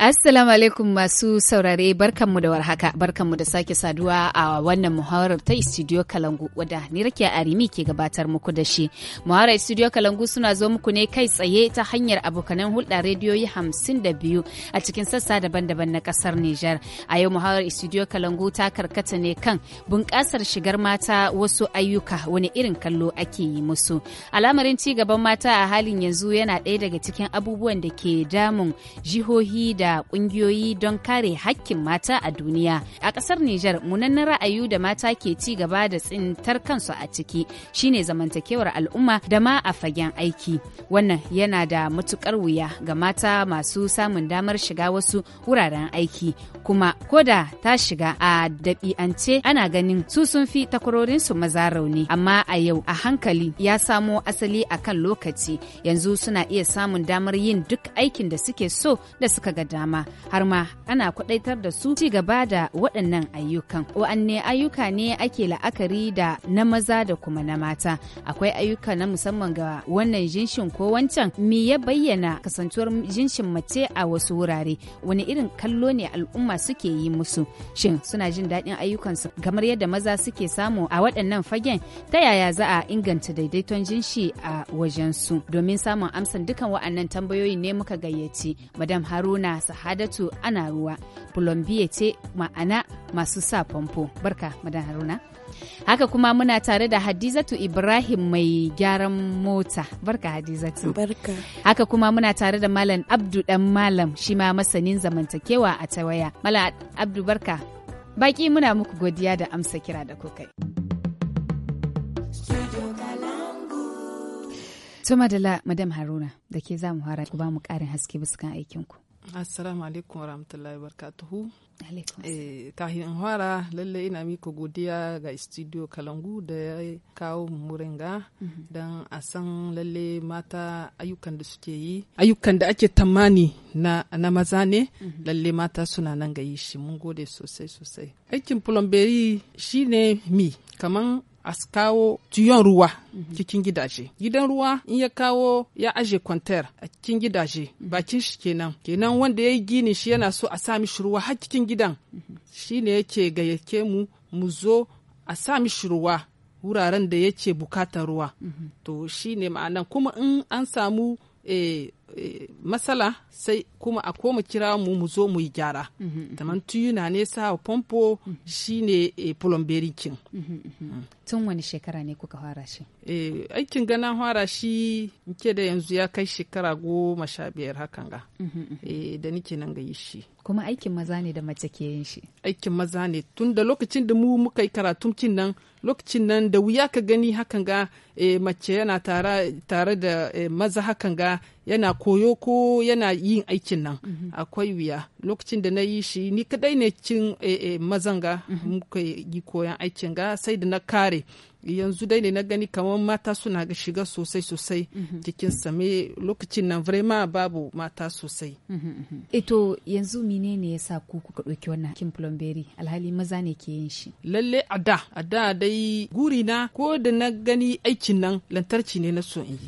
Assalamu alaikum masu saurare barkanmu da warhaka barkanmu da sake saduwa a wannan muhawarar ta Studio Kalangu wadda ni rake Arimi ke gabatar muku da shi. Muhawarar Studio Kalangu suna zo muku ne kai tsaye ta hanyar abokanan hulɗa rediyoyi hamsin da biyu a cikin sassa daban-daban na ƙasar Nijar. A yau muhawarar Studio Kalangu ta karkata ne kan bunƙasar shigar mata wasu ayyuka wani irin kallo ake yi musu. Al'amarin ci gaban mata a halin yanzu yana ɗaya daga cikin abubuwan da ke damun jihohi da da kungiyoyi don kare hakkin mata a duniya. A ƙasar Nijar, munanan ra'ayu da mata ke ci gaba da tsintar kansu a ciki shine zamantakewar al'umma da ma a fagen aiki. Wannan yana da matukar wuya ga mata masu samun damar shiga wasu wuraren aiki. Kuma ko da ta shiga a dabi'ance ana ganin su sun fi su maza rauni. Amma a yau a hankali ya samo asali akan lokaci yanzu suna iya samun damar yin duk aikin da suke so da suka gada. dama har ma ana kwaɗaitar da su ci gaba da waɗannan ayyukan wa'anne ayyuka ne ake la'akari da na maza da kuma na mata akwai ayyuka na musamman ga wannan jinshin ko wancan me ya bayyana kasantuwar jinshin mace a wasu wurare wani irin kallo ne al'umma suke yi musu shin suna jin daɗin ayyukansu kamar yadda maza suke samu a waɗannan fagen ta yaya za a inganta daidaiton jinshi a wajensu domin samun amsan dukan wa'annan tambayoyi ne muka gayyaci madam haruna sahadatu ana ruwa plombier ce ma'ana masu sa famfo barka madan haruna haka kuma muna tare da hadizatu ibrahim mai gyaran mota barka hadizatu barka haka kuma muna tare da malam abdu dan malam shi ma masanin zamantakewa a tawaya malam abdu barka baki muna muku godiya da amsa kira da kai. Tuma da madam Haruna da ke za mu fara ku ba mu ƙarin haske bisa kan aikinku. assalamu alaikum warahmatullahi barkatuhu eh, kahin in fara lalle ina miko godiya ga studio kalangu da ya kawo murin dan mhm. don a san lalle mata ayyukan da suke yi ayyukan da ake tamani na, maza ne mhm. lalle mata suna nan ga yi shi mun gode sosai sosai aikin plumberi shine mi kaman a kawo tiyon ruwa cikin gidaje gidan ruwa in ya kawo ya aje kwantar a cikin gidaje bakin shi kenan kenan wanda ya yi gini shi yana so a sa mishi ruwa har cikin gidan Shi shine yake gayyake mu mu zo a sa mishi ruwa wuraren da yake bukatar ruwa to shi shine ma'anan kuma in an samu eh, matsala sai kuma a koma kira mu mu zo mu yi gyara taman mhm, mhm. tuyuna ne sa pompo mhm. shine ne eh, kin mm. tun wani shekara ne kuka fara shi eh, aikin ganan fara shi nke da yanzu ya kai shekara goma sha biyar hakan ga eh, da nike nan ga yi shi kuma aikin maza ne da mace ke yin shi aikin maza ne tun da lokacin da mu muka yi karatun kin nan lokacin nan da wuya ka gani hakan ga mace yana tare da maza hakan ga yana koyo ko yana yin aikin nan mhm. akwai wuya lokacin da na yi shi ni kadai ne cin eh, eh, mazanga mhm. muka yi koyon aikin ga sai da na kare yanzu dai ne na gani kamar mata suna shiga sosai sosai cikin mhm. same lokacin nan vrema babu mata sosai ito mhm, mhm. yanzu mine ne yasa ku kuka ɗauki wannan kin plumberry alhali maza ne ke yin shi lalle a da a da dai guri na ko da na gani aikin nan lantarki ne na so in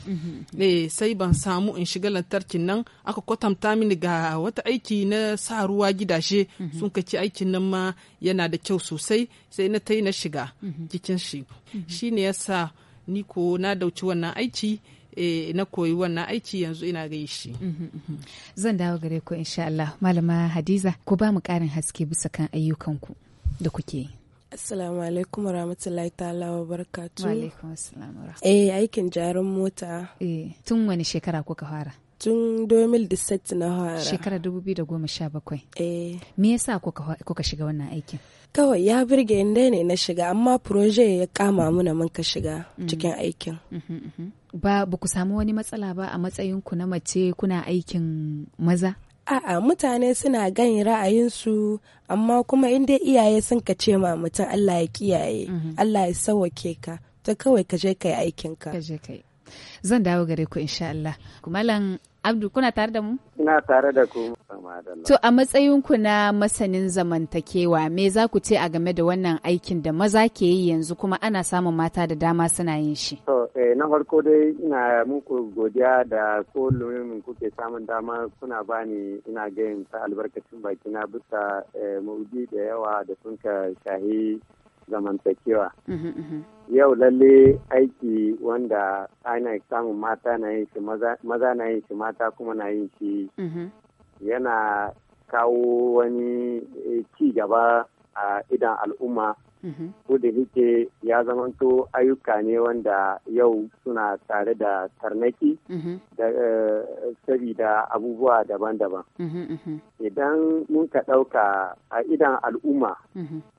yi sai ban samu in shiga lantarkin nan aka kwatanta mini ga wata aiki na sa ruwa gidashe sun kaci aikin nan ma yana da kyau sosai sai na ta yi na shiga cikin shi Mm-hmm. ya sa ni ko na dauci wannan aiki eh, na koyi wannan aiki yanzu ina gai shi. Mm-hmm, mm-hmm. Zan dawo gare ku insha Allah. Malama Hadiza, ku ba mu ƙarin haske bisa kan ayyukanku da kuke yi. Assalamu alaikum wa rahmatullahi ta'ala wa barakatu. Wa alaikum assalam wa Eh aikin jarin mota. Eh tun wani shekara kuka fara? Tun 2017 na fara. Shekara 2017. Eh. Me yasa kuka shiga wannan aikin? kawai ya birge inda ne na shiga amma proje ya kama muna mun ka shiga mm. cikin aikin mm-hmm, mm-hmm. ba ba ku samu wani matsala ba a matsayin ku na mace kuna aikin maza a'a mutane suna gan ra'ayinsu amma kuma inda iyaye sun ka ce ma mutum Allah ya kiyaye mm-hmm. Allah ya sawake ka ta kawai ka je kai aikin ka zan dawo gare ku insha Allah kumalan Abdu kuna tare da mu? Ina tare da ku. To a matsayinku na masanin zamantakewa me za ku ce a game da wannan aikin da maza ke yi yanzu kuma ana samun mata da dama suna yin shi? To eh, na farko dai ina muku godiya da ko lumimin kuke samun dama kuna bani ina gayin ta albarkacin bakina bisa eh, maudi da yawa da sun ka shahi zamantakewa. Mhm, mhm. Yau lalle aiki wanda ana samun mata na yin shi maza na yin shi mata kuma na yin shi mhm. yana kawo wani eh, ci gaba a idan al'umma ko da yake ya zamanto ayyuka ne wanda yau suna tare da tarnaki da eh, sabida abubuwa daban-daban idan mun ka ɗauka a idan al'umma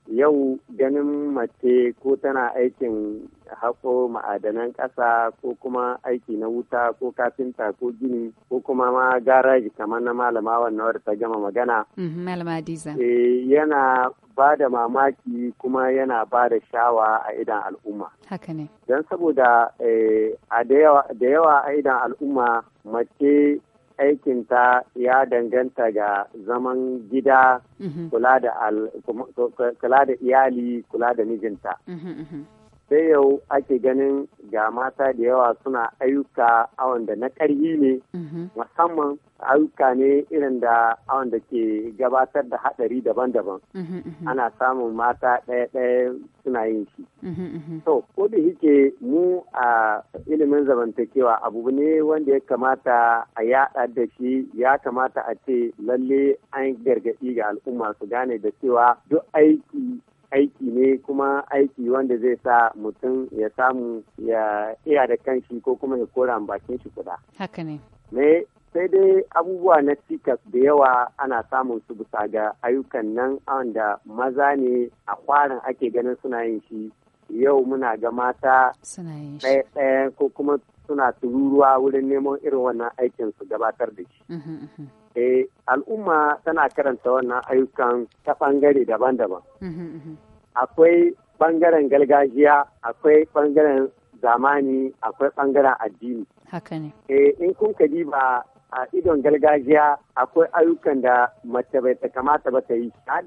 yau ganin mace ko tana aikin haƙo ma'adanan ƙasa ko kuma aiki na wuta ko kafinta ko gini ko kuma ma garaji kamar na malama wannan wadda ta gama magana. Mm, malama Adiza. Eh, yana ba da mamaki kuma yana ba da shawa a idan al'umma. Haka Don saboda eh, da yawa a idan al'umma mace aikinta ya danganta ga zaman gida mhm. kula da iyali kula da mijinta. Mhm, mhm. sai yau ake ganin ga mata da yawa suna ayyuka awanda na ƙarfi ne mhm. musamman ayyuka ne irin da awanda ke gabatar da haɗari daban-daban mhm, mhm. ana samun mata ɗaya-ɗaya suna yin shi to ko da yake mu a ilimin zamantakewa abu ne wanda ya kamata a yaɗa da shi ya kamata a ce lalle an gargaɗi ga al'umma su gane da cewa duk aiki aiki ne kuma aiki wanda zai sa mutum ya samu ya iya da kanshi ko kuma ya kora bakin shi kuda. Haka ne. Me sai dai abubuwa na cikas da yawa ana samun su bisa ga ayyukan nan wanda maza ne a kwarin ake ganin suna yin shi yau muna ga mata ɗaya ko kuma suna tururuwa wurin neman irin wannan aikin su gabatar da shi. Uhm, uhm, uhm. Eh, al'umma tana karanta wannan ayyukan ta ɓangare daban-daban. Akwai ɓangaren gargajiya, akwai ɓangaren zamani, akwai ɓangaren addini. Haka ne. Eh, in kun ka diba a idon gargajiya akwai ayyukan da mace bai ta kamata ba ta yi har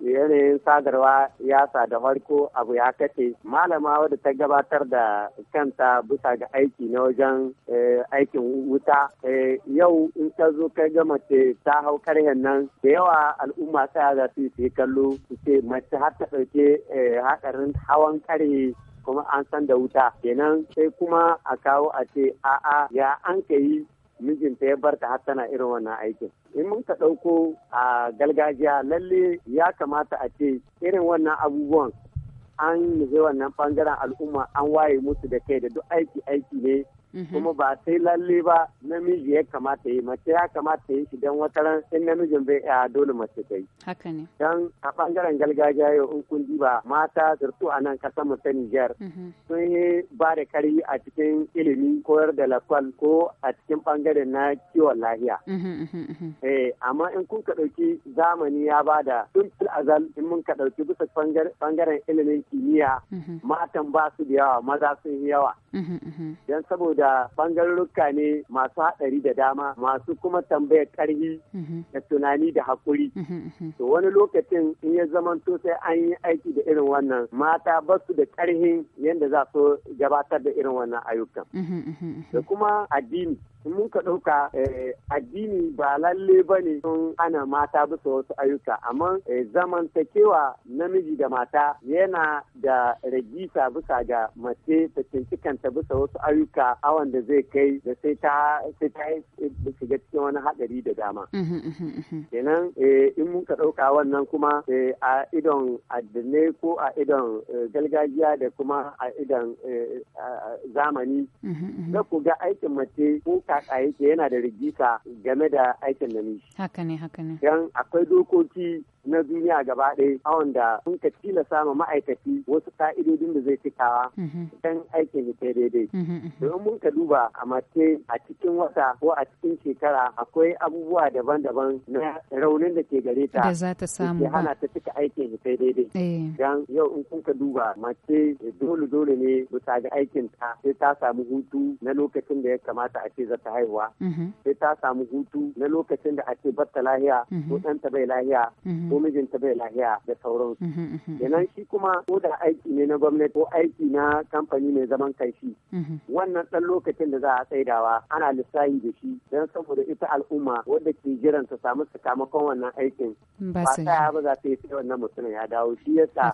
yanayin sadarwa ya sa da farko abu ya kace malama wadda ta gabatar da kanta bisa ga aiki na wajen eh, aikin wuta eh, yau in ka zo kai ga mace ta hau karyar nan da yawa al'umma ta za su yi kallo su ce mace har ta ɗauke eh, haɗarin hawan karye kuma an san da wuta kenan sai kuma a kawo a ce a'a ya an ka yi mijinta ya barta har tana irin wannan aikin in mun ka ɗauko a galgajiya lalle ya kamata a ce irin wannan abubuwan an nufi wannan bangaren al'umma an waye musu da kai da duk aiki aiki ne kuma uhuh. ba sai lalle ba namiji ya kamata yi mace ya kamata yi shi don wata ran sai namijin bai a dole mace ta yi haka dan a bangaren gargajiya yau in kun diba mata zurtu a nan kasar mu ta Niger uhuh. sun yi ba da kari a cikin ilimi koyar da lakwal ko a cikin bangaren na kiwon lahiya. Uhuh, eh amma in kun ka ɗauki zamani ya da tun azal in mun ka ɗauki bisa bangaren ilimin kimiyya matan ba su da yawa maza sun yi yawa dan saboda da bangarurruka ne masu haɗari da dama masu kuma tambayar karhi mhm. da tunani da haƙuri mhm, mhm. to wani lokacin in ya zamanto sai an yi aiki da irin wannan mata ba su da ƙarhin yadda za su gabatar da irin wannan ayyukan da kuma addini mun ka ɗauka eh, addini ba lalle ba ne sun ana mata bisa wasu ayyuka amma eh, zamantakewa namiji da mata yana da ragisa bisa ga mace ta cinci kanta bisa wasu ayyuka awan da zai kai da sai ta sai shiga cikin wani haɗari da dama. Kenan eh, in mun ka ɗauka wannan kuma a idon addinai ko a idon gargajiya da kuma a idon zamani. na ku ga aikin mace ko ka kaka yake yana da rigita game da aikin da Haka ne, haka ne. akwai dokoki na duniya gaba ɗaya a wanda sun ka tilasa ma ma'aikaci wasu ka'idodin da zai cikawa mm-hmm. dan aikin shi daidai mm-hmm, mm-hmm. domin mun ka duba a mace a cikin wata ko a cikin shekara akwai abubuwa daban-daban na raunin da ke gare ta da za ta samu ba hana ta cika aikin kai daidai eh. dan yau in kun ka duba mace dole dole ne bisa ga aikin ta sai ta samu hutu na lokacin da ya kamata a ce za ta haihuwa sai ta samu hutu na lokacin da a ce ta lahiya ko ɗanta bai lahiya ko mijinta bai lahiya da su uhm, uhm, uhm. Kenan shi kuma ko da aiki ne na gwamnati ko aiki na kamfani mai zaman kanshi. Wannan ɗan lokacin da za a tsaidawa ana lissahi da shi don saboda ita al'umma wadda ke jiran ta samu sakamakon wannan aikin. Ba ya ba za ta yi wannan mutumin ya dawo shi yasa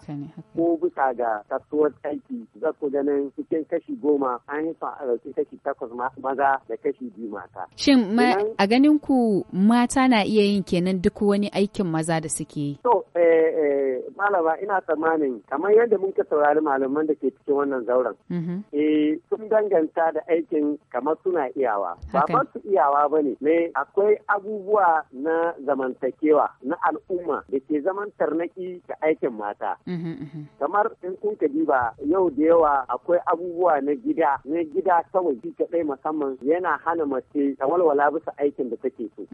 ko bisa ga kasuwar aiki za ku ganin cikin kashi goma an yi son a ɗauki kashi takwas maza da kashi biyu mata. Shin a ganin ku mata na iya yin kenan duk wani aikin maza da suke ake yi? To, eh, eh, malaba ina tsammanin kamar yadda mun ka saurari malaman da ke cikin wannan zauren. Mm-hmm. Eh, sun danganta da aikin kamar suna iyawa. Ba su iyawa ba ne, me akwai abubuwa na zamantakewa na al'umma da ke zaman tarnaki ka aikin mata. Mm-hmm, mm-hmm. Kamar in kun ka diba yau da yawa akwai abubuwa na gida, na gida kawai ji kaɗai musamman yana hana mace ta walwala bisa aikin da take so.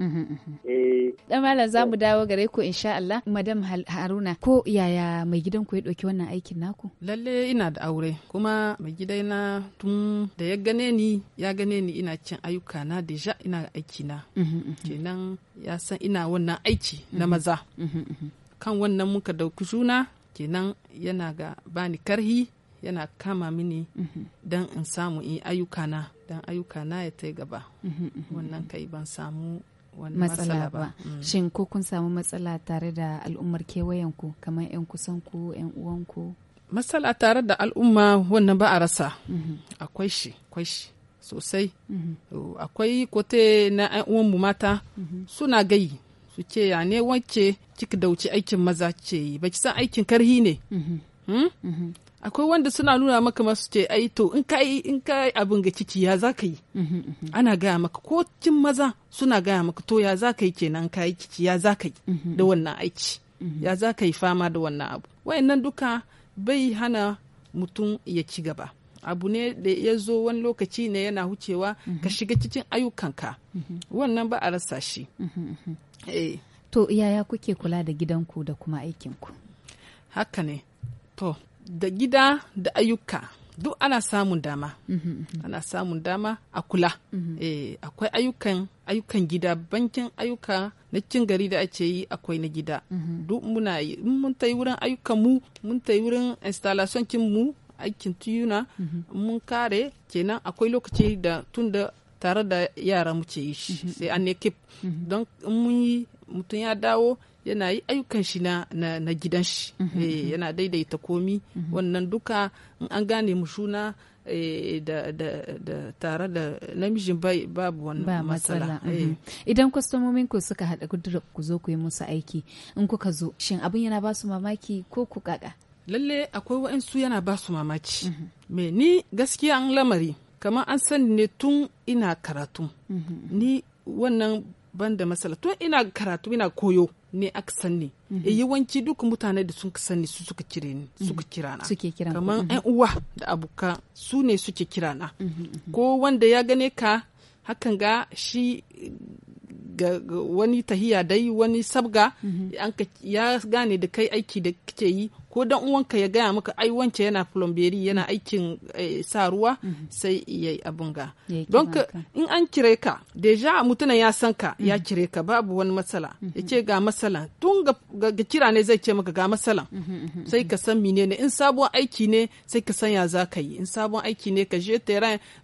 Eh. Dan malam za mu eh. dawo gare ku insha Allah. Allah. madam haruna ko yaya mai gidan ku ya ɗauki wannan aikin naku lalle ina da aure kuma mai gidaina tun da ya gane ni ya gane ni ina cin ayyuka na deja ina aiki na mhm, mhm. kenan ya san ina wannan aiki na mhm. maza kan wannan muka dauki juna kenan yana ga bani karhi yana kama mini don in samu in ayyuka na don ayyuka na ya ta gaba wannan kai ban samu matsala ba mm. shin ko kun samu matsala tare da al'ummar kewayenku kamar 'yan kusanku 'yan uwanku matsala tare da al'umma wannan ba a rasa mm-hmm. akwai shi akwai shi sosai mm-hmm. akwai kote na 'yan uwanmu mata mm-hmm. suna gayi su ce ya ne wacce kika dauci aikin maza ce ba ki san aikin karhi ne hmm? akwai wanda suna nuna maka masu ce ai to in ka yi in ka abin ga ciki ya za ka yi mhm, mhm, mhm. ana gaya maka ko cin maza suna gaya maka to ya za ka yi kenan ka yi ciki ya za ka yi da wannan aiki ya za ka yi fama da wannan abu wayannan duka bai hana mutum ya ci gaba abu ne da ya zo wani lokaci ne yana wucewa ka shiga cikin ayyukanka wannan ba a rasa shi eh. to yaya kuke kula da gidanku da kuma aikinku haka ne to da gida da ayyuka duk ana samun dama mhm, mhm. ana samun dama a kula mhm. eh, akwai ayyukan gida bankin ayyuka na cin gari da ake yi akwai na gida duk muna yi mun ta yi wurin ayyukan mu mun ta yi wurin installation kin mu aikin tiyuna mun kare kenan akwai lokaci da tun da tare da yara muke yi shi sai an kip don mun yi mutum ya dawo yana yi ayyukan shi na na gidan shi mhm. eh, yana daidaita komi mhm. wannan duka in an gane mu juna eh, da, da, tare da namijin babu wannan matsala. Eh. Mhm. Idan kwastomomin ku suka haɗa kudura ku zo ku yi musu aiki in kuka zo, shin abin yana ba su mamaki ko ku kaka? Lalle akwai wa'ansu yana ba su mamaki. Me ni gaskiya an lamari, kamar an sani ne tun ina karatu. Ni wannan ban da masala to ina karatu ina koyo ne aka sanni e yawanci duk mutane da sun sanni su suka kire ni mhm. suka kira na suke kira kamar ɗan mhm. uwa da abuka su ne suke kira na ko wanda ya gane ka hakan ga shi ga wani tahiya dai wani sabga ya gane da kai aiki da kake yi ko dan uwanka ya gaya maka ai wance yana plomberi yana aikin eh, sa ruwa mhm. sai ya yi abun ga don in an kire ka deja mutunan ya san ka ya mhm. kire ka babu wani matsala mhm. ya ce ga matsala tun ga kira ne zai ce maka ga matsala sai ka san mine ne in sabon aiki ne sai ka san ya za ka yi in sabon aiki ne ka je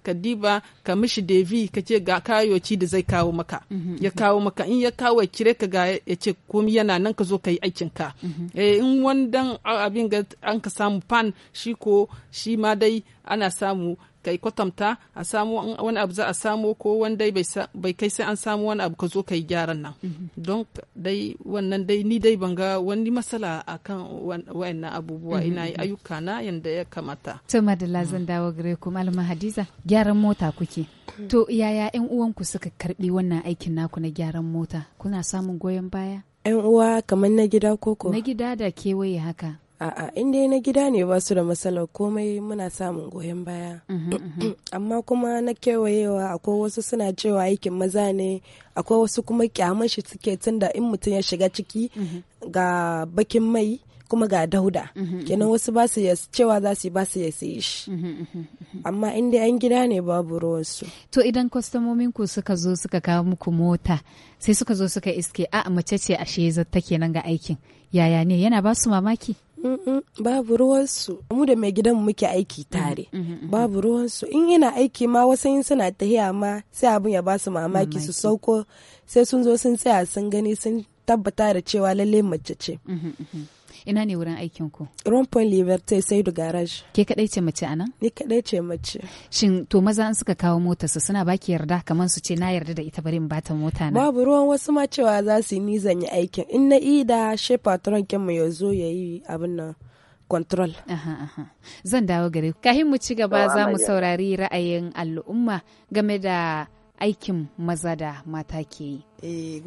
ka diba ka mishi devi ka ce ga kayoci da zai kawo maka ya kawo maka in ya kawo ya kire ka ga ya ce komi yana nan ka zo ka yi aikin ka eh, in wani dan abin ga an ka samu pan shi ko shi ma dai ana samu kai kwatanta a samu wani abu za a samu ko wani dai bai kai sai an samu wani abu ka zo ka yi gyaran nan mhm. don dai wannan dai ni dai ban ga wani matsala a kan wa'annan abubuwa mhm. ina yi ayyuka na yadda ya kamata to madalla zan mhm. dawo gare ku malama hadiza gyaran mota kuke to yaya yan uwanku suka karbi wannan aikin naku na gyaran mota kuna samun goyon baya yan uwa kamar na gida koko na gida da kewaye haka a'a in dai na gida ne ba su da matsalar komai muna samun goyon baya mhm, mhm. amma kuma na kewayewa akwai wasu suna cewa aikin maza ne akwai wasu kuma kyamashi shi suke tunda in mutum ya shiga ciki mhm. ga bakin mai kuma ga dauda kenan wasu ba su cewa za su yi ba su ya sayi shi amma in dai an gida ne babu ruwansu to idan kwastomomin ku suka zo suka kawo muku mota sai suka zo suka iske a mace ce ashe zata kenan ga aikin yaya ne yana ba su mamaki babu ruwansu mu da mai gidan muke aiki tare mm-hmm, mm-hmm, babu mm-hmm. ruwansu in ina aiki ma wasu in suna tahiya ma sai abin ya basu mamaki su sauko sai sun zo sun tsaya sun gani sun tabbata da cewa lalle mace ce ina ne wurin aikin ku ron point liberté sai da garage ke kadai ce mace anan ni kadai ce mace shin to maza an suka kawo mota su suna baki yarda kamar su ce na yarda da ita bari in bata mota na babu ruwan wasu ma cewa za su yi ni zan yi aikin in na ida she patron kin mu ya zo yayi abin nan control. Zan dawo gare ku. Kahin mu ci gaba za mu saurari ra'ayin al'umma game da aikin maza da mata ke yi. Eh,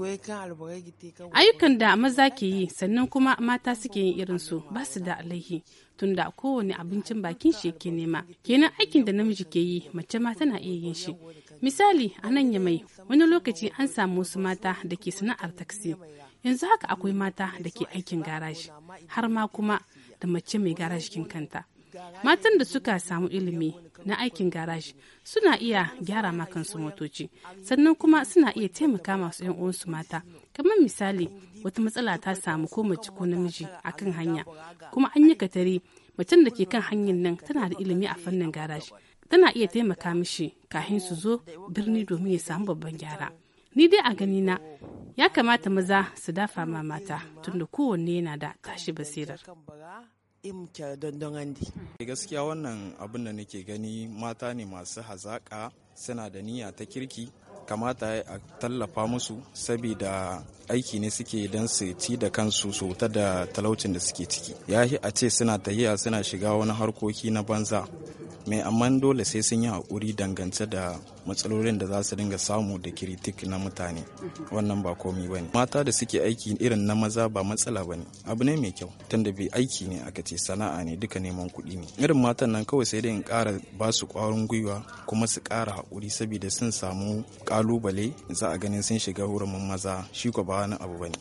Ayyukan da maza ke yi sannan kuma mata suke yin irin su ba su da alaihi tunda kowane abincin bakin shi ke nema. Kenan aikin da namiji ke yi mace ma tana iya yin shi. Misali a nan yamai wani lokaci an samu wasu mata da ke sana'ar taksi. Yanzu haka akwai mata da ke aikin garaji har ma kuma da mace mai garaji kanta. Matan da suka samu ilimi na aikin garaji suna iya gyara makansu kansu motoci sannan kuma suna iya taimaka masu yan uwansu mata kamar misali wata matsala ta samu ko mace ko namiji a kan hanya kuma an yi katari macen da ke kan hanyar nan tana da ilimi a fannin garaji tana iya taimaka mishi kahin su zo birni domin ya samu babban gyara ni dai a gani na ya kamata maza su dafa ma mata tunda kowanne yana da tashi basirar im ke andi. Eh, gaskiya wannan abin da nake gani mata ne masu hazaƙa suna da niyya ta kirki kamata a tallafa musu saboda aiki ne suke don su ci da kansu su ta da talaucin da suke ciki ya a ce suna tahiya suna shiga wani harkoki na banza mai amma dole sai sun yi haƙuri dangance da matsalolin da za su dinga samu da kiritik na mutane wannan ba komi ba ne mata da suke aiki irin na maza ba matsala ba ne abu ne mai kyau tunda bi aiki ne aka ce sana'a ne duka neman kuɗi ne irin matan nan kawai sai dai in kara ba su ƙwarin gwiwa kuma su kara haƙuri saboda sun samu kalubale za a ganin sun shiga hurumin maza shi ko ba wani abu ba ne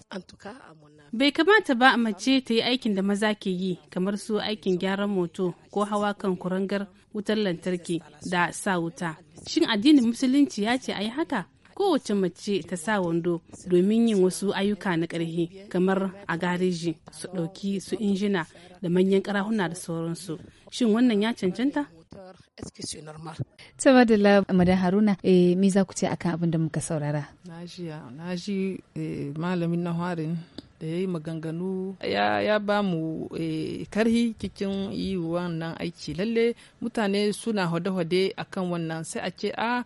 bai kamata ba mace ta yi aikin da maza ke yi kamar su aikin gyaran moto ko hawa kan kurangar wutar lantarki da sa wuta shin addinin musulunci ya ce a yi haka kowace mace ta sa wando domin yin wasu ayyuka na ƙarfi kamar a gareji su ɗauki su injina da manyan ƙarahuna da sauransu shin wannan ya cancanta sama da madan haruna eh, me za ku ce akan abin da muka saurara na ji eh, malamin na harin da ya yi maganganu ya ba mu eh, karhi cikin yi wannan aiki lalle mutane suna hode-hode akan wannan sai a ce a ah,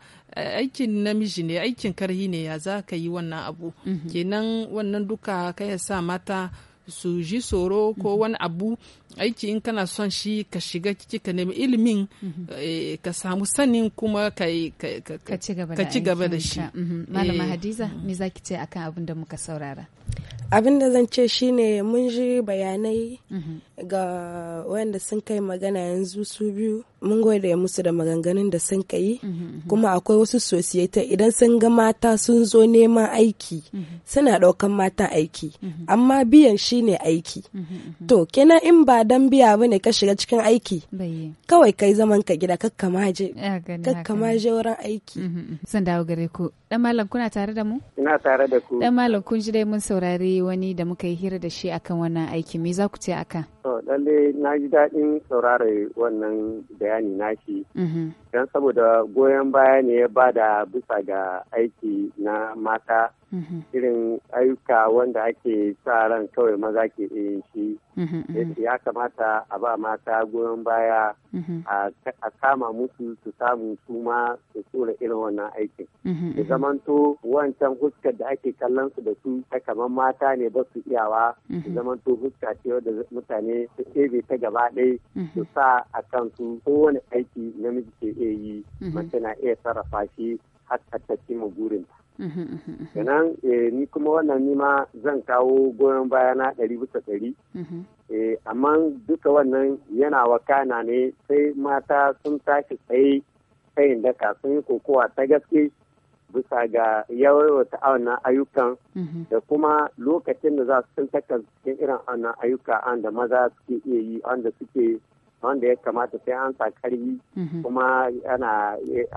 aikin namiji ne aikin karhi ne ya za ka yi wannan abu mhm. kenan wannan duka ka ya sa mata su ji tsoro ko mhm. wani abu aiki in kana son shi ka shiga ciki ka nemi ilimin mhm. eh, ka samu sanin kuma ka ci gaba da shi malama eh. hadiza mm. me za ki ce akan abin da muka saurara abin da zan ce shine mun ji bayanai mhm. ga wanda sun kai magana yanzu su biyu mun gode musu da maganganun da sun kai mhm, mhm. kuma akwai wasu sosiyete idan sun ga mata sun zo neman aiki suna ɗaukan mata aiki amma biyan shine aiki to kenan in ba dan biya bane ka shiga cikin aiki kawai kai zaman ka gida kakka maje wurin aiki sun dawo gare ku dan malam kuna tare da mu ina tare da ku dan malam kun ji dai mun saurari saurari wani da muka yi hira da shi akan wannan aiki me za ku ce aka? na ji daɗin saurare wannan bayani nashi mhm. don saboda goyon baya ne ya da bisa ga aiki na mata mm-hmm. irin ayyuka wanda ake sa ran kawai maza ke yin shi mm-hmm, mm-hmm. ya kamata a ba mata goyon baya a kama musu su samu su su tsura irin wannan aikin da zamanto wancan huskar da ake kallon su da su ta kamar mata ne ba su iyawa da zamanto huska ce wadda mutane su ta gaba ɗaya su sa a kansu kowane aiki namiji ke iya yi mhm. mace iya sarrafa shi har ta cimma burinta mhm, mhm, kenan eh, ni kuma wannan nima zan kawo goyon baya na ɗari bisa ɗari eh, amma duka wannan yana wakana ne sai mata sun tashi tsaye tsayin daka sun yi kokowa ta gaske bisa ga yawaiwata wannan ayyukan da kuma lokacin da za su cikin irin wannan ayyuka an da maza suke iya yi an da suke wanda ya kamata sai an sa karfi mhm. kuma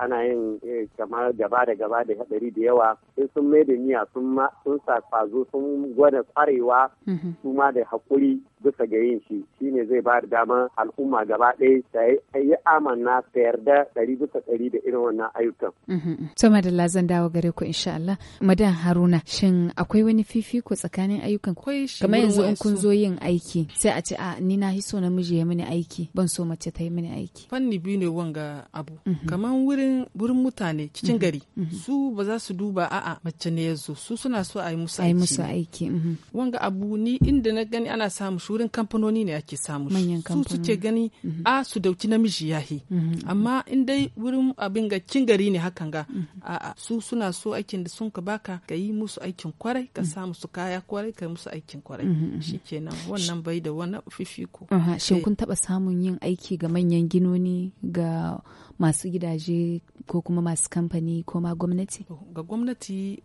ana yin eh, kamar gaba da gaba da hadari da yawa sai sun mai da miya sun sa kwazo sun gwada kwarewa mhm. su ma da haƙuri. bisa ga yin shi shine zai ba da dama al'umma gaba ɗaya ta yi amana ta yarda ɗari bisa ɗari da irin wannan ayyukan. Mhm, mhm. to madalla zan dawo gare ku insha Allah madan haruna shin akwai wani fifiko tsakanin ayyukan kamar yanzu in kun zo yin aiki sai a ce a ni na hiso namiji ya mini aiki ban so mace ta yi mini aiki. fanni biyu ne wanga abu mhm. kamar wurin wurin mutane cikin gari su ba za su duba a'a mace ne ya zo su suna so a yi musu aiki. wanga abu ni inda na gani ana samu wurin kamfanoni ne ake samu su suke gani mhm. a ah, su dauki namiji ya yi mhm. amma in dai wurin abin ga cin gari ne hakan ga mhm. a su suna so aikin da sun ka baka ka yi musu aikin kwarai ka sa musu kaya kwarai ka musu aikin kwarai shi kenan wannan bai da wani fifiko shin eh. kun taba samun yin aiki ga manyan ginoni ga masu gidaje ko kuma masu kamfani ko ma gwamnati ga gwamnati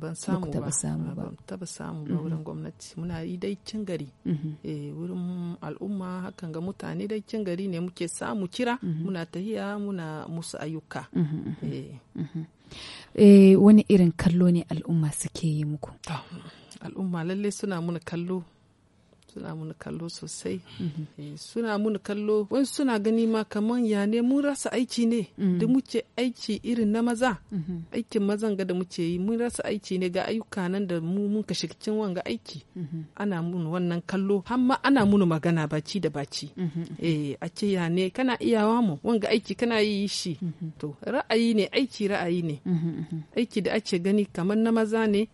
ban samu ba ban taba samu ba wurin gwamnati muna yi dai cin gari gari eh, wurin al'umma hakan ga mutane da cikin gari ne muke samu kira muna tahiya muna musu ayyuka eh. Eh, wani irin kallo ne al'umma suke yi muku ah, al'umma lalle suna muna kallo suna muni kallo sosai mhm. eh, suna muni kallo wani suna gani ma kaman ya ne mun rasa aiki ne mhm. da muke aiki irin na maza mhm. aikin mazan ga da muke yi mun rasa aiki ne ga ayyuka nan da mu mun kashe cikin wanga aiki ana mun wannan kallo har ana mun magana baci da baci eh a ce ya ne kana iyawa mu wanga aiki kana yi shi to ra'ayi ne aiki ra'ayi ne aiki da ake gani kaman na maza ne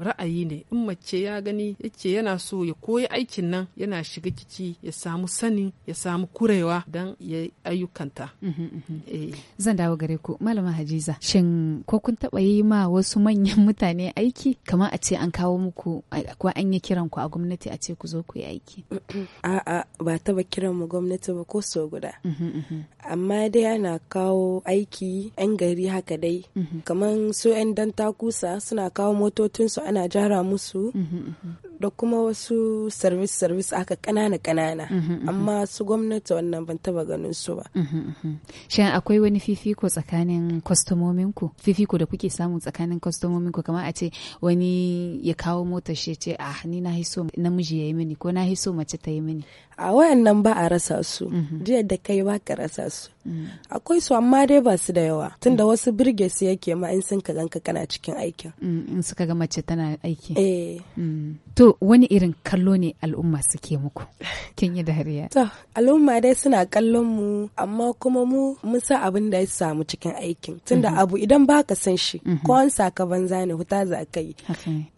ra'ayi ne in mace ya gani yace yana so ya koyi aiki mutum nan yana shiga ciki ya samu sani ya samu kurewa don ya ayyukanta mhm, mhm. Eh. zan dawo gare ku malama hajiza shin ko kun taɓa yi ma wasu manyan mutane aiki kamar a ce an kawo muku ko an yi kiran ku a gwamnati a ce ku zo ku yi aiki a'a ba taba kiran mu gwamnati ba ko so guda mhm, amma dai ana kawo aiki yan gari haka dai kamar su yan dan takusa suna kawo motocinsu ana jara musu da kuma wasu service service aka kanana kanana mhm, mhm, mhm. amma su gwamnati wannan ban taba ganin su ba shin akwai wani fifiko tsakanin kwastomomin fifiko da kuke samu tsakanin kwastomomin ku kamar a ce wani ya kawo motar shi ce ah ni na hiso namiji ya yi mini ko na hiso mace ta yi mini a wayannan ba a rasa su jiya mhm. da kai ba ka rasa su mhm. akwai su amma dai ba su da yawa tunda wasu birge su yake ma in sun ka ganka kana cikin aikin mm, in suka ga mace tana aiki eh mm. to wani irin kallo ne al'umma suke muku kin yi dariya to al'umma dai suna kallon mu amma kuma mu mun sa abin da ya samu cikin aikin tunda mhm. abu idan ba ka san shi ko an saka banza ne huta za ka yi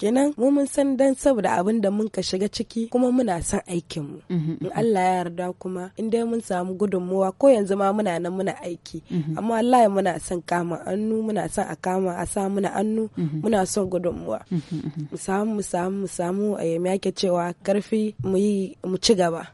kenan mu mun san dan saboda abin da mun ka shiga ciki kuma muna san aikin mu in Allah ya yarda kuma in dai mun samu gudunmuwa ko yanzu ma muna nan muna aiki mhm. amma ya muna son kama annu muna son a kama a sa muna annu mhm. muna son gudunmuwa mhm, mu samu mu samu mu samu eh, a yami cewa karfi mu yi mu ci gaba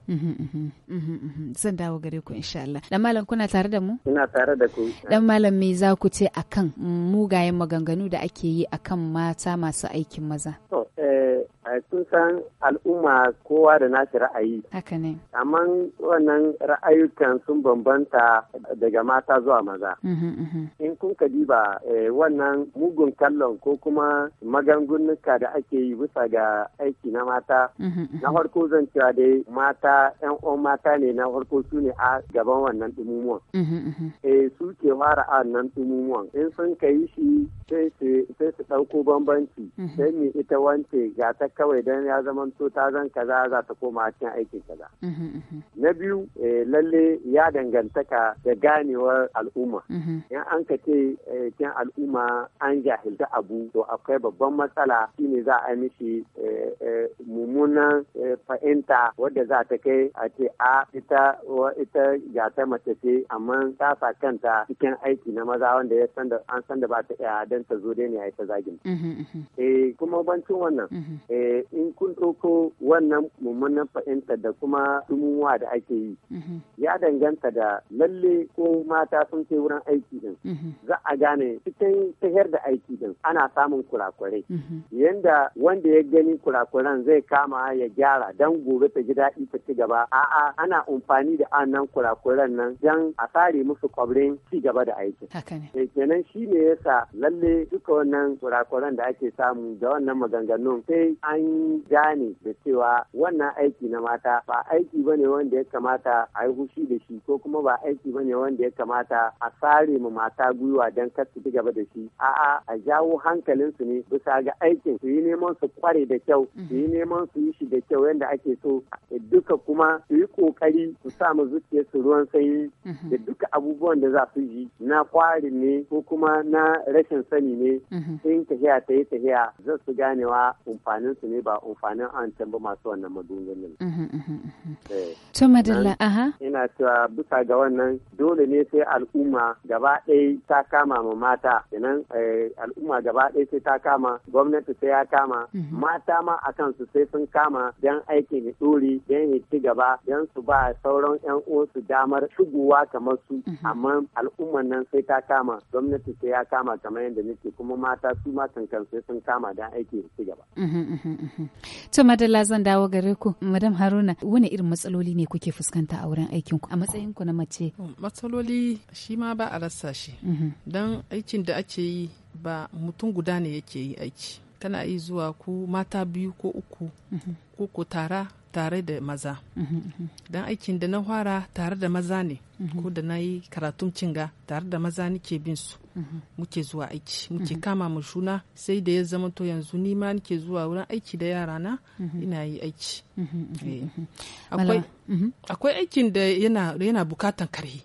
zan dawo gare ku insha Allah dan malam kuna tare da mu ina tare da ku dan malam me za ku ce akan mugayen maganganu da ake yi akan mata masu aikin maza eh, Eh, sun san al'umma kowa da nasu ra'ayi. Haka ne. Amma wannan ra'ayukan sun bambanta daga mata zuwa maza. Mhm, mhm. In kun ka diba eh, wannan mugun kallon ko kuma magangunuka da ake yi bisa ga aiki na mata. Mhm, na farko zan cewa dai mata yan uwan mata ne na farko su ne a gaban wannan dumumuwan. Eh su ke fara a wannan dumumuwan. In sun ka yi shi sai su ɗauko bambanci. Sai ita wance ga ta kawai don ya zama to ta zan kaza za ta koma cikin aikin kaza. Mhm, mhm. Na biyu eh, lalle ya dangantaka da ganewar al'umma. Mhm. In an ka ce eh, cikin al'umma an jahilta abu to akwai babban matsala shine za a mishi eh, mummunan fahimta wadda za ta kai a ce a ita ita gata mace ce amma ta sa kanta cikin aiki na maza wanda ya san da an san da ba ta iya don ta zo dai ne a ita zagin. Eh kuma bancin wannan. Eh, in kun ɗauko wannan mummunan fahimtar da kuma dumuwa da ake yi mhm. ya danganta da lalle ko mata sun kai wurin aiki din mhm. za a gane cikin tahiyar da aiki din ana samun kurakure mhm. yanda wanda ya gani kurakuren zai kama ya gyara dan gobe ta ji daɗi ta ci gaba a'a ana amfani da annan kurakuren nan dan a sare musu kwabrin ci gaba da aiki eh, kenan shi ne yasa lalle duka wannan kurakuren da ake samu da wannan maganganun sai an gane da cewa wannan aiki na mata ba aiki ba ne wanda ya kamata a yi hushi da shi ko kuma ba aiki ba ne wanda ya kamata a sare ma mata gwiwa don kar su ci gaba da shi a'a a jawo hankalinsu ne bisa ga aikin su yi neman su kware da kyau mhm. su yi neman su yi shi da kyau yadda ake so duka kuma su yi kokari su sa mu zuciyar su ruwan sanyi mhm. da duka abubuwan da za su yi na kwarin ne ko kuma na rashin sani ne mhm. in tahiya ta yi tafiya zan su ganewa amfanin su ne ba amfanin an masu wannan magungunan. Uhm, uhm, uhm, eh. To madalla aha. Ina cewa bisa ga wannan dole ne sai al'umma gaba ɗaya ta kama ma mata eh, al'umma gaba ɗaya sai ta kama gwamnati sai ya kama mata ma a kansu sai sun kama don aiki ne ɗori, don ya ci gaba don su ba sauran 'yan uwansu damar shigowa kamar su amma al'umma nan sai ta kama gwamnati sai ya kama kamar yadda nake kuma mata su ma kankan sai sun kama don aiki ya ci gaba. To madalla zan dawo gare ku madam Haruna wani irin matsaloli ne kuke fuskanta a wurin aikin ku a matsayin ku na mace? Oh, matsaloli shi ma ba a rasa shi. Mhm. Dan aikin da ake yi ba mutum guda ne yake yi aiki. Tana yi zuwa ku mata biyu ko uku mhm. ko ku tara tare da maza mhm, mhm. don aikin da na fara tare da maza ne mhm. ko da na yi karatun cinga tare da maza nike bin su muke zuwa aiki muke kama mu shuna sai da ya zama to yanzu nima ma nike zuwa wurin aiki da yara na ina yi aiki eh. akwai aikin da yana bukatan karhi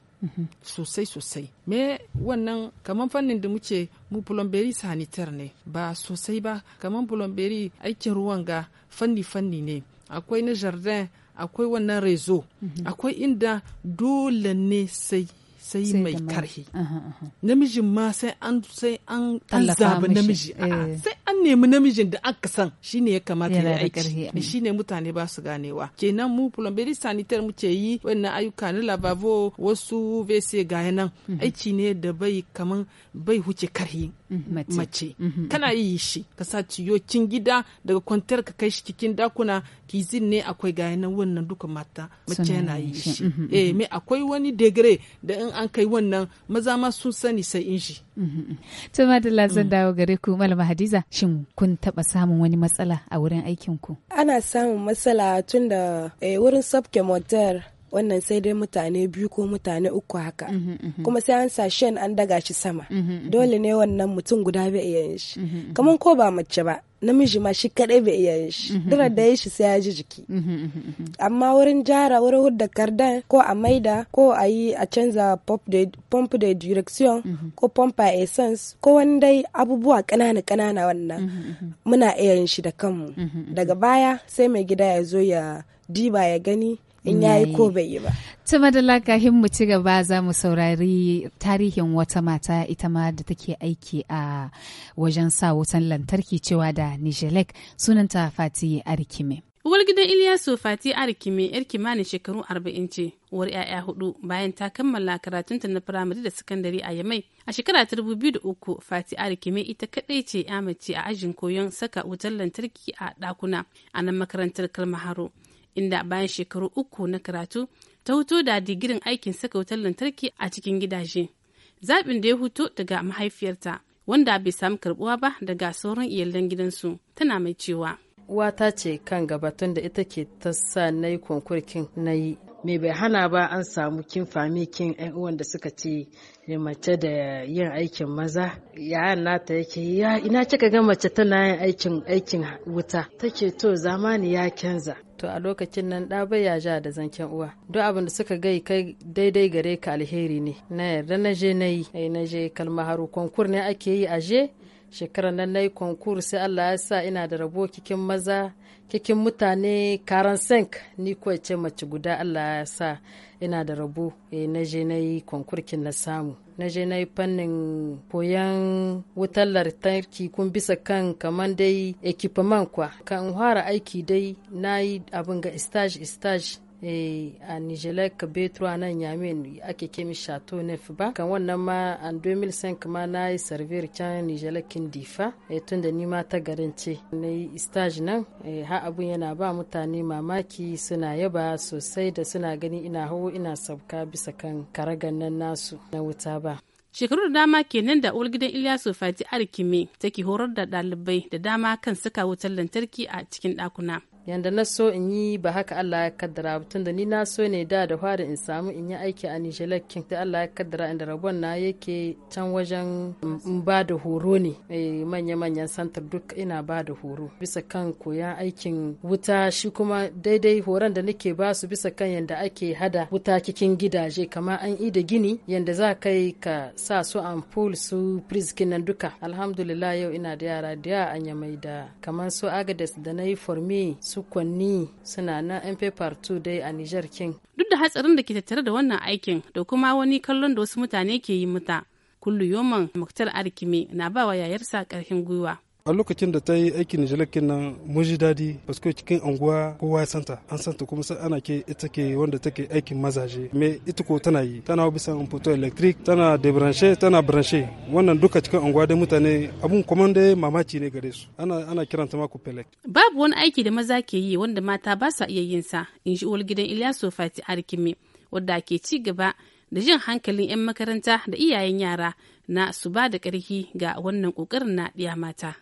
sosai sosai me wannan kaman fannin da muke mu plomberi sanitar ne ba sosai ba kaman plomberi aikin ruwan ga fanni fanni ne akwai na jardin akwai wannan rezo mhm. akwai inda dole ne sai sai mai karhi namijin ma sai an sai an zaba namiji eh. sai an nemi namijin da aka san shine ya kamata ya aiki eh. shine mutane ba su ganewa kenan mu plumberi sanitaire muke yi wannan ayyuka na labavo wasu vc ga nan mhm. aiki ne da bai kaman bai huce karhi Mhm. mace mhm. kana yi shi ka sa ciyokin gida daga kwantar ka kai shi cikin dakuna kizin ne akwai gaya na wannan duka mata mace yana yi shi mhm. eh me akwai wani degree da in an kai wannan maza ma sun sani sai in shi to madalla zan mm. dawo gare ku malama hadiza shin kun taba samun wani matsala a wurin aikin ku ana samun matsala tunda eh, wurin sabke motar wannan sai dai mutane biyu ko mutane uku haka mhm, mhm. kuma sai an sa shen an daga shi sama mhm, dole ne wannan mutum guda bai iya yin shi kamar ko ba mace ba namiji ma shi kadai bai iya yin shi duk da shi sai ya ji jiki amma wurin jara wurin hudda kardan ko a maida ko a yi a canza pump de direction ko pump essence ko wani dai abubuwa kanana kanana wannan muna iya yin shi da kanmu daga baya sai mai gida ya zo ya diba ya gani in yayi ko bai yi ba ta madalla kafin mu ci gaba za mu saurari tarihin wata mata ita ma da take aiki a wajen sa wutan lantarki cewa da nijelek sunanta fati arikime Uwar gidan Ilyasu Fati Arkime yar kimanin shekaru arba'in ce, uwar 'ya'ya hudu bayan ta kammala karatunta na firamare da sakandare a Yamai. A shekara ta uku Fati Arkime ita kadai ce 'ya mace a ajin koyon saka wutar lantarki a ɗakuna a nan makarantar Kalmaharo. inda bayan shekaru uku na karatu ta huto da digirin aikin saka wutar lantarki a cikin gidaje zaɓin da ya huto daga mahaifiyarta wanda bai samu karɓuwa ba daga sauran iyalan gidansu tana mai cewa uwata ce kan gaba da ita ke ta sa na yi konkurkin na yi me bai hana ba an samu kin fami kin yan uwan da suka ce mace da yin aikin maza yayan nata yake ya ina kika ga mace tana yin aikin aikin wuta take to zamani ya canza to a lokacin nan ɗa bai ya ja da zancen uwa duk abin da suka gai kai daidai gare ka alheri ne na yarda na je na yi eh, na je kalma haru konkur ne ake yi a je shekarar nan na yi konkur sai Allah ya sa ina da rabo kikin maza kikin mutane karan sink ni kawai ce mace guda Allah ya sa ina da rabo e, na je na yi konkurkin na samu na je na yi fannin koyan wutar lantarki kun bisa kan kaman dai ekipaman kwa kan fara aiki dai na yi abin ga stage stage Eh, a nijelai ka betro a nan yamin ake kemi shato nef ba kan wannan ma a 2005 ma na yi sarvir can nijelai kin difa eh, tun da nima ta garance ce na yi stage nan eh, ha abun yana ba mutane mamaki suna yaba sosai da suna gani ina hau ina sabka bisa kan karagan nan nasu na wuta ba shekaru da dama kenan da uwar gidan Ilyasu Fati Arkime take horar da ɗalibai da dama kan saka wutar lantarki a cikin ɗakuna. yanda na so in yi ba haka Allah ya kaddara tun da ni na so ne da da fara in samu in yi aiki a Nijar kin da Allah ya kaddara inda rabon na yake can wajen in ba da horo ne eh, manya-manyan santar duk ina ba da horo bisa kan koyan aikin wuta shi kuma daidai horon da nake ba su bisa kan yanda ake hada wuta cikin gidaje kaman an yi da gini yanda za kai ka sa su ampul su priskin nan duka alhamdulillah yau ina da yara da yawa an mai da kamar su agades da na yi forme su su kwanni suna na yan 2 dai a Nijar King. Duk da hatsarin da ke tattare da wannan aikin da kuma wani kallon da wasu mutane ke yi muta, kullu yoman Muktar Arkime na bawa yayarsa karfin gwiwa. a lokacin da ta yi aikin jalakin nan mun ji daɗi basko cikin anguwa kowa ya santa an santa kuma sai ana ke ita ke wanda take aikin mazaje me ita ko tana yi tana bisa foto electric tana debranche tana branche wannan duka cikin anguwa da mutane abun kuma da mamaci ne gare su ana ana kiranta ma ku pelek babu wani aiki da maza ke yi wanda mata ba sa iya yin sa in ji uwar gidan Ilyasu Fati Arkime wadda ke ci gaba da jin hankalin 'yan makaranta da iyayen yara na su ba da ƙarfi ga wannan kokarin na ɗiya mata.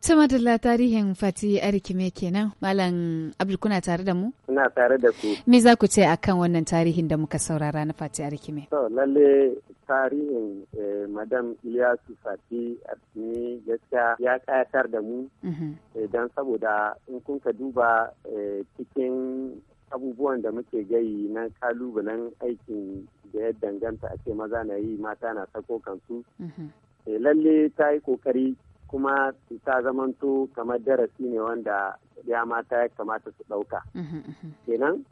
Tumadala tarihin Fati Arikime kenan Malam Abdul kuna tare da mu? Kuna tare da ku. Me za ku ce akan wannan tarihin da muka saurara na Fati Arikime? To lalle tarihin eh, Madam iliyasu Fati Arikime gaskiya ya kayatar da mu. Mhm. Eh, don saboda in kun ka duba eh, cikin abubuwan da muke gayi na kalubalen aikin da ya danganta a ce maza na yi mata na sako kansu. Mhm. lalle ta yi kokari kuma ta zamantu kamar darasi ne wanda ya mata ya kamata su ɗauka. Mhm, mhm. Kenan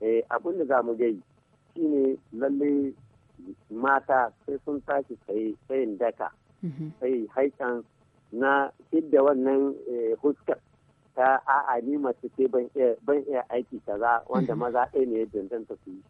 eh, abin da za mu gai shi ne lalle mata sai sun tashi tsaye tsayin daka mhm. sai haikan na hidda wannan eh, huskar ta a'a ni masu ce ban iya aiki kaza wanda maza ɗaya ne ya danganta su yi.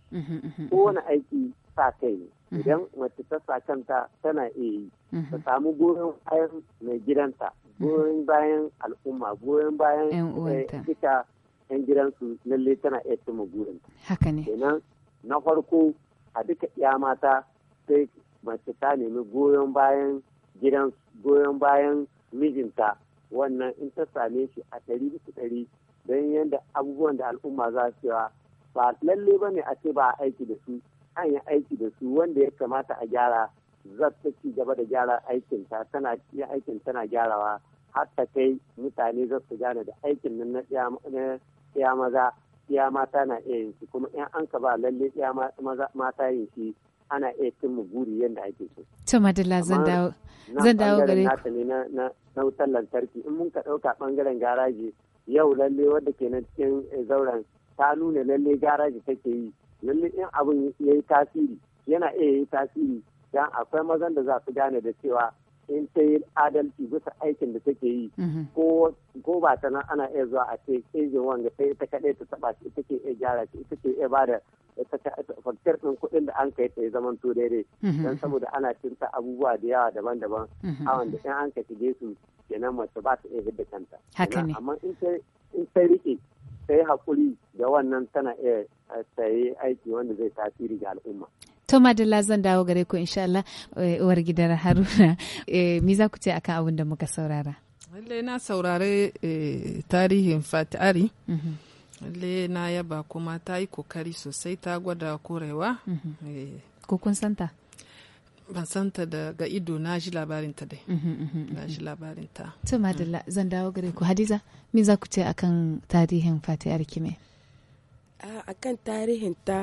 Kowane aiki sa kai ne. Mm-hmm. idan mace ta sa kanta tana iya yi mm-hmm. ta samu goyon bayan mai gidanta mm-hmm. goyon bayan al'umma goyon bayan eh, ita yan gidansu lalle tana iya cimma gurin. haka ne kenan na farko a duka iya mata sai mace ta nemi goyon bayan gidan goyon bayan mijinta wannan in ta same shi a ɗari bisa ɗari don yadda abubuwan da al'umma za su cewa ba lalle ba ne a ce ba aiki da su an yi aiki da su wanda ya kamata a gyara za ta ci gaba da gyara aikin ta tana ci aikin tana gyarawa har ta kai mutane za su gane da aikin nan na iya maza iya mata na iya yin shi kuma in an ka ba lalle iya mata yin shi ana iya mu guri yadda ake so. To Madalla zan dawo zan dawo gare ku. na na wutar lantarki in mun ka ɗauka ɓangaren garaji yau lalle wadda ke na cikin eh, zauren ta nuna lalle garaji take yi lallai in abin ya yi tasiri yana iya yi tasiri dan akwai mazan da za su gane da cewa in ta yi adalci bisa aikin da take yi mm-hmm. ko ba ta nan ana iya zuwa a ce ejin wanga sai ita kaɗai ta taɓa shi ita ke iya gyara shi ita ke iya ba da fakkar ɗin kuɗin da an kai ta yi zaman to daidai mm-hmm. don saboda ana cinta abubuwa da yawa daban-daban mm-hmm. a wanda in an ka shige su kenan mace ba ta iya hidda kanta amma in ta riƙe ta yi haƙuri da wannan tana iya eh, ta yi aiki wanda zai tasiri ga al'umma. To Madalla zan dawo gare ku insha Allah eh, uwar gidan Haruna eh, me za ku ce akan abin da muka saurara? Lallai na saurare tarihin ari mm-hmm. Lallai na yaba kuma ta yi kokari sosai ta gwada korewa. Mm-hmm. Ko kun santa? ban santa daga ido na ji labarinta dai mhm, mhm, mhm, na ji labarinta to madalla zan dawo gare ku hadiza me za ku ce akan tarihin fati arkime a kan tarihin ta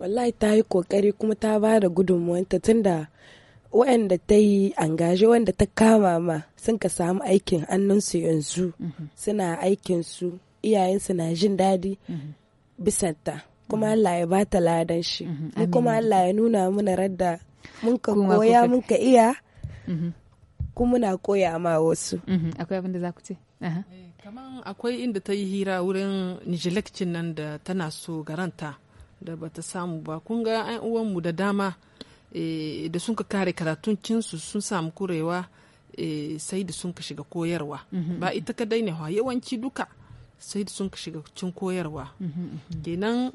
wallahi ta yi kokari kuma ta ba da gudunmuwanta tunda waɗanda ta yi angaje wanda ta kama ma sun ka samu aikin su yanzu suna aikin su iyayensu na jin daɗi bisanta kuma Allah ya ba ta ladan shi kuma Allah ya nuna mana radda mun ka koya mun ka iya mm-hmm. kuma muna koya ma wasu mm-hmm. akwai abin da za ku ce eh, kamar akwai inda ta yi hira wurin nijilekcin nan da tana so garanta da bata samu ba kun ga an uwanmu da dama eh, da sun ka kare karatun cinsu sun samu kurewa eh, sai da sun ka shiga koyarwa mm-hmm. ba ita ka daina yawanci duka sai da sun ka shiga cin koyarwa kenan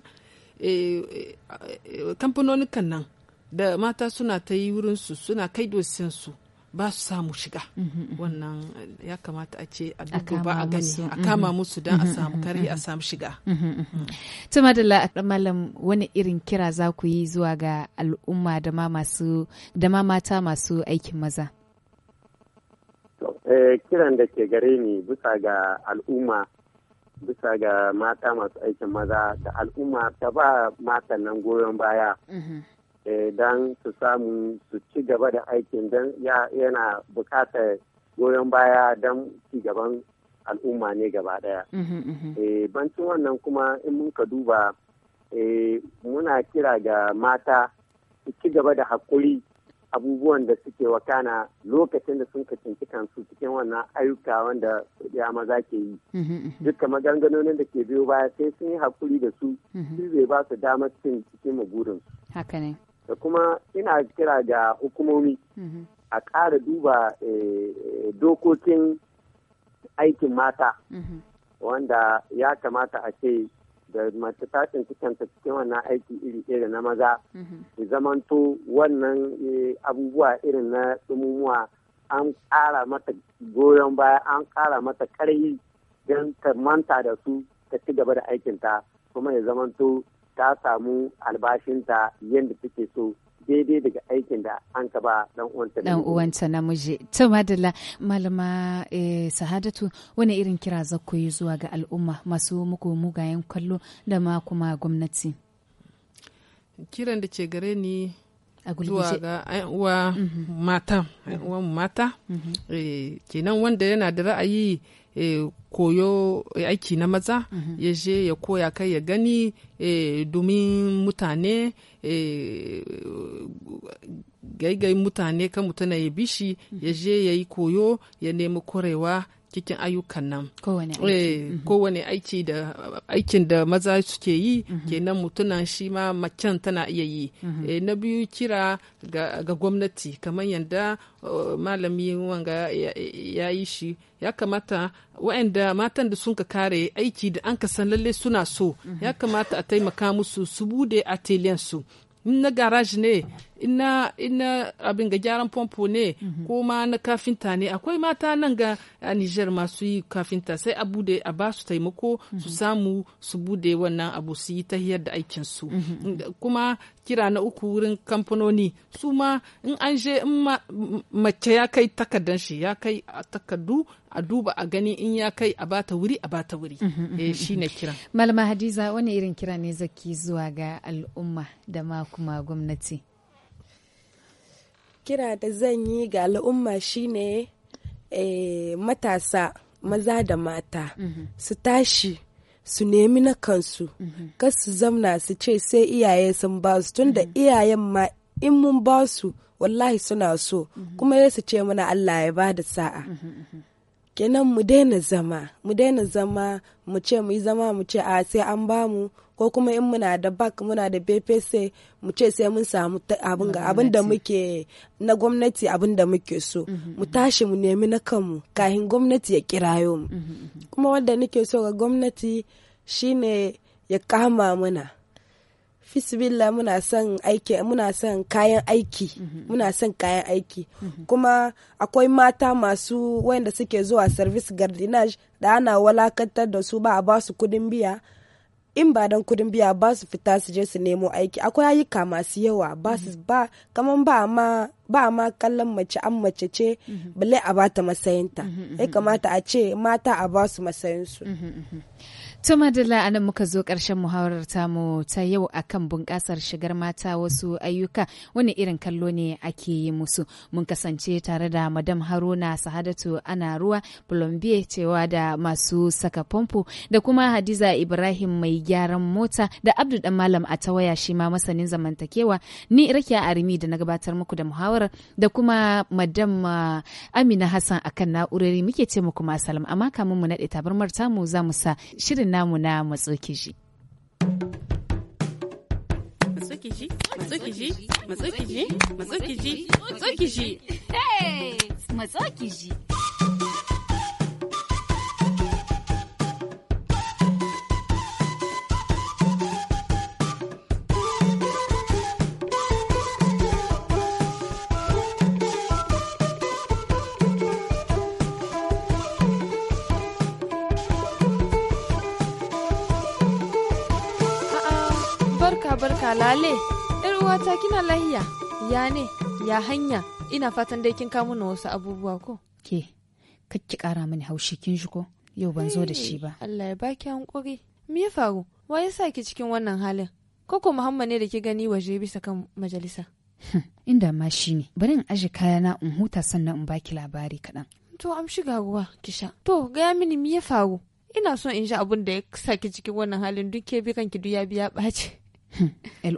kamfanonin nan da mata suna ta yi wurinsu suna kai dosinsu ba su samu shiga mm-hmm. wannan eh, ya kamata a ce a ba a gani a kama mm-hmm. musu don a mm-hmm. samu kari a samu shiga mm. to madalla malam wani irin kira za ku yi zuwa ga al'umma da ma mata masu aikin maza eh, kiran da ke gare ni bisa ga al'umma bisa ga mata masu aikin maza da al'umma ta ba matan nan goyon baya Eh, don su samu su ci gaba da aikin don yana bukatar goyon baya don ci gaban al'umma ne gaba daya. Mhm, mhm. Eh, bancin wannan kuma in mun ka duba eh, muna kira ga mata su ci gaba da haƙuri abubuwan da suke wakana lokacin da sun kacinci kansu cikin wannan ayyuka wanda ya maza ke yi. Mhm, Dukkan maganganonin da ke biyo baya sai sun yi haƙuri da su, su zai ba su damar cin cikin magurinsu. Haka ne. da kuma ina kira ga hukumomi mhm. a ƙara duba eh, dokokin aikin mata mhm. wanda ya kamata a ce da mace ta tsinci cikin wannan aiki iri iri na maza su mhm. zamanto wannan eh, abubuwa irin na tsumumuwa an ƙara mata goyon baya an ƙara mata ƙarfi don ta manta da su ta ci gaba da aikinta kuma ya zamanto ta samu albashinta yadda take so daidai daga aikin da an ka ba dan uwanta dan uwanta namiji to madalla malama eh, sahadatu wani irin kira za yi zuwa ga al'umma masu muku mugayen kallo da ma kuma gwamnati kiran da ke gare ni zuwa ga uwa mhm. mata mhm. uwan mata mhm. eh, kenan wanda yana da ra'ayi eh, koyo eh, aiki na maza ya je ya koya kai ya gani domin mutane gaigai mutane kan mutane ya bishi ya je ya yi koyo ya nemi korewa cikin ayyukan nan eh, mhm. kowane aiki da aikin da maza suke yi mhm. kenan mutunan shi ma macen tana iya yi mhm. eh, na biyu kira ga gwamnati kamar yadda malami wanga ya yi shi ya kamata waɗanda matan da sun ka kare aiki da an ka san lalle suna so ya kamata a taimaka musu su bude a su na garaji ne ina ina abin ga gyaran pompo ne mhm. ko ma na kafinta ne akwai mata nan ga a Niger masu yi kafinta sai a bude a ba su taimako su mhm. samu su bude wannan abu su yi tahiyar da aikin su mhm. kuma kira na uku wurin kamfanoni su ma in an je in mace ya kai takardan shi ya kai takardu a duba a gani in ya kai a bata wuri a bata wuri eh shine kira malama hadiza wani irin kira ne zaki zuwa ga al'umma da ma kuma gwamnati kira da zan yi ga al'umma shine e matasa maza da mata mhm. su tashi su nemi na kansu mm -hmm. kas su zamna su ce sai iyaye sun ba su tunda mhm. iyayen ma in mun ba su wallahi suna so mhm. kuma ya su ce mana Allah ya ba da sa'a kenan mu daina zama mu daina zama mu ce mu yi zama mu ce a sai an ba mu ko kuma in muna da bak muna da bpc mu ce sai mun samu abin da muke na gwamnati abin da muke so mhm, mhm. mu tashi mu nemi na kanmu kahin gwamnati ya kirayo mu mhm, kuma wanda nake so ga gwamnati shine ya kama muna fisibila muna son aiki muna son kayan aiki muna son kayan aiki kuma akwai mata masu wanda suke zuwa service gardenage da ana walakantar da su ba a ba su kudin biya in ba don kudin biya ba su fita su je su nemo aiki akwai ayyuka masu yawa ba su ba kamar ba ma ba ma kallon mace an mace ce bale a bata masayinta mm-hmm, ya mm-hmm, kamata mm-hmm. a ce mata a ba su masayinsu To Madalla a nan muka zo ƙarshen muhawarar tamu ta yau akan bunƙasar shigar mata wasu ayyuka wani irin kallo ne ake yi musu. Mun kasance tare da Madam Haruna Sahadatu ana ruwa Plombier cewa da masu saka pompo da kuma Hadiza Ibrahim mai gyaran mota da Abdu Dan Malam a tawaya shi ma masanin zamantakewa ni Rakiya Arimi da na gabatar muku da muhawarar da kuma Madam uh, Amina Hassan akan na'urori muke ce muku ma amma kamun mu naɗe tabarmar tamu za mu sa shirin namu na matso kishi. Matsukiji, matsukiji, matsukiji, matsukiji, matsukiji. Hey! Matsukiji. Salale, ‘yar uwata kina lahiya, ya ne, ya hanya, ina fatan dai kin kamo na wasu abubuwa ko? Ke, kakki kara mini haushi kin shi ko? Yau ban zo da shi ba. Eh, Allah ya baki hankuri. Me ya faru? Wa ya sa ki cikin wannan halin? ko ko Muhammad ne da ki gani waje bisa kan majalisa. Hm, inda ma shi ne, bari in aje kayana in huta sannan in baki labari kaɗan. To am shiga ruwa ki sha. To gaya mini me ya faru? Ina so in sha abun da ya saki cikin wannan halin duk ke bi kanki duk ya biya ɓaci. Hm,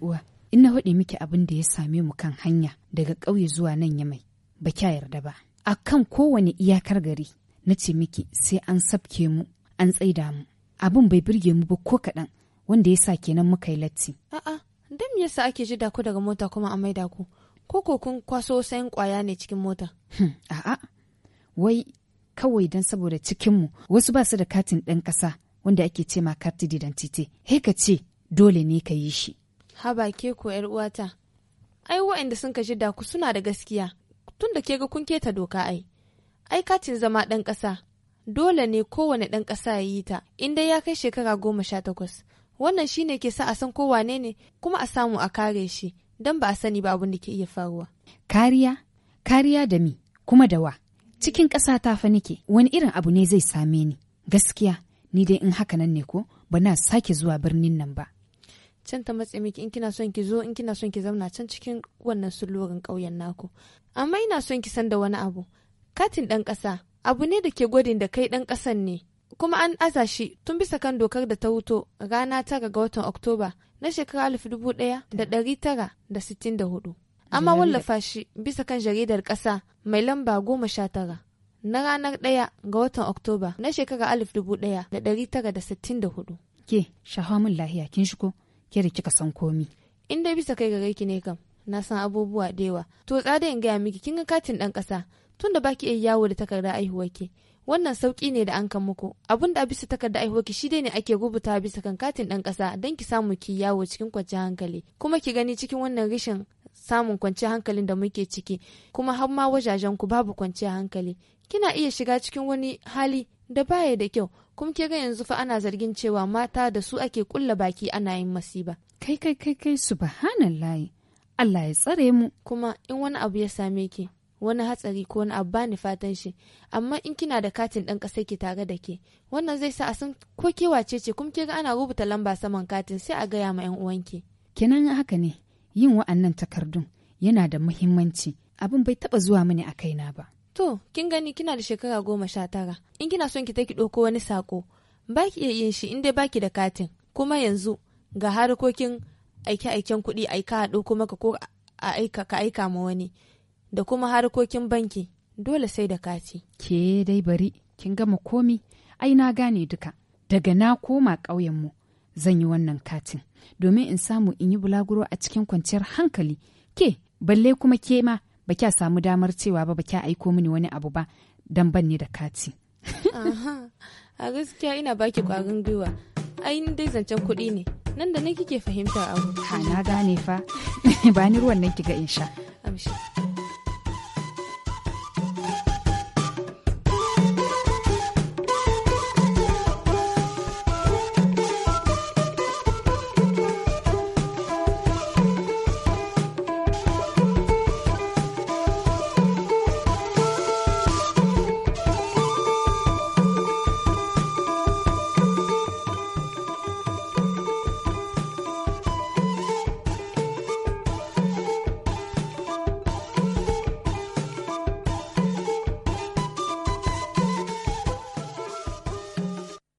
uwa in na haɗe miki abin da ya same mu kan hanya daga ƙauye zuwa nan ya mai ba kya yarda ba a kan kowane iyakar gari na ce miki sai an sabke mu an tsaida mu abin bai birge mu ba ko kaɗan wanda ya sa kenan muka yi latti a'a dan me yasa ake ji ku daga mota kuma a maida ku ko ko kun kwaso sayan kwaya ne cikin mota hm, a'a wai kawai dan saboda cikinmu wasu ba su da katin ɗan ƙasa wanda ake ce ma karti titi he ka ce dole ne ka yi shi haba ke ko yar uwata ai waɗanda sun kaji da ku suna da gaskiya tun da ke ga kun keta doka ai ai katin zama ɗan ƙasa dole ne kowane ɗan ƙasa ya yi ta inda ya kai shekara goma sha takwas wannan shi ne ke sa a san ko wane ne kuma a samu a kare shi don ba a sani ba abin da ke iya faruwa. Kariya, kariya da mi kuma da wa. Cikin ƙasa ta fa nike wani irin abu ne zai same ni. Gaskiya, ni dai in haka nan ne ko ba na sake zuwa birnin nan ba. can ta matse miki in kina son ki zo in kina son ki zauna can cikin wannan sulurin ƙauyen naku amma ina son ki san da wani abu katin ɗan ƙasa abu ne da ke gwadin da kai ɗan ƙasan ne kuma an aza shi tun bisa kan dokar da ta wuto rana tara ga watan oktoba na shekara alif dubu ɗaya da ɗari tara da sittin da hudu amma wallafa shi bisa kan jaridar ƙasa mai lamba goma sha tara na ranar ɗaya ga watan oktoba na shekara alif dubu ɗaya da ɗari tara da sittin da hudu ke shahamun lahiya kin shigo ke da kika san komi in dai bisa kai ga gaiki ne kam na san abubuwa da yawa to tsada in gaya miki kin ga katin dan kasa tun da baki iya yawo da takarda aihuwar ki wannan sauki ne da an kan muku abun da bisa takarda aihuwar ki dai ne ake rubuta bisa kan katin dan kasa dan ki samu ki yawo cikin kwanciyar hankali kuma ki gani cikin wannan rishin samun kwanciyar hankalin da muke ciki kuma har ma wajajen ku babu kwanciyar hankali kina iya shiga cikin wani hali da baya da kyau kuma ke ga yanzu fa ana zargin cewa mata da su ake kulla baki ana yin masiba kai kai kai kai subhanallah. Allah ya tsare mu kuma in wani abu ya same ki wani hatsari ko wani abu bani fatan shi amma in kina da katin ɗan ƙasar ki tare da ke wannan zai sa a san ko ke wace ce kuma ke ga ana rubuta lamba saman katin sai a gaya ma yan uwanki kenan haka ne yin wa'annan takardun yana da muhimmanci abin bai taba zuwa mini a kaina ba To, kin gani kina da shekara goma sha tara. In kina son ki ta ki ɗauko wani sako, ba ki iya yin shi in dai ki da katin. Kuma yanzu ga harkokin aike-aiken kuɗi aika a ɗauko maka ko a aika ka aika ma wani. Da kuma harkokin banki dole sai da kati. Ke dai bari, kin gama komi, ai na gane duka. Daga na koma ƙauyenmu zan yi wannan katin domin in samu in yi bulaguro a cikin kwanciyar hankali. Ke, balle kuma ke ma ba kya samu damar cewa ba ba kya aiko mini wani abu ba dan ban ni da kati a gaskiya ina baki kwarin gwiwa ai dai zancen kuɗi ne nan da na kike fahimtar abu ha na gane fa ba ni ruwan nan ki ga in sha amshi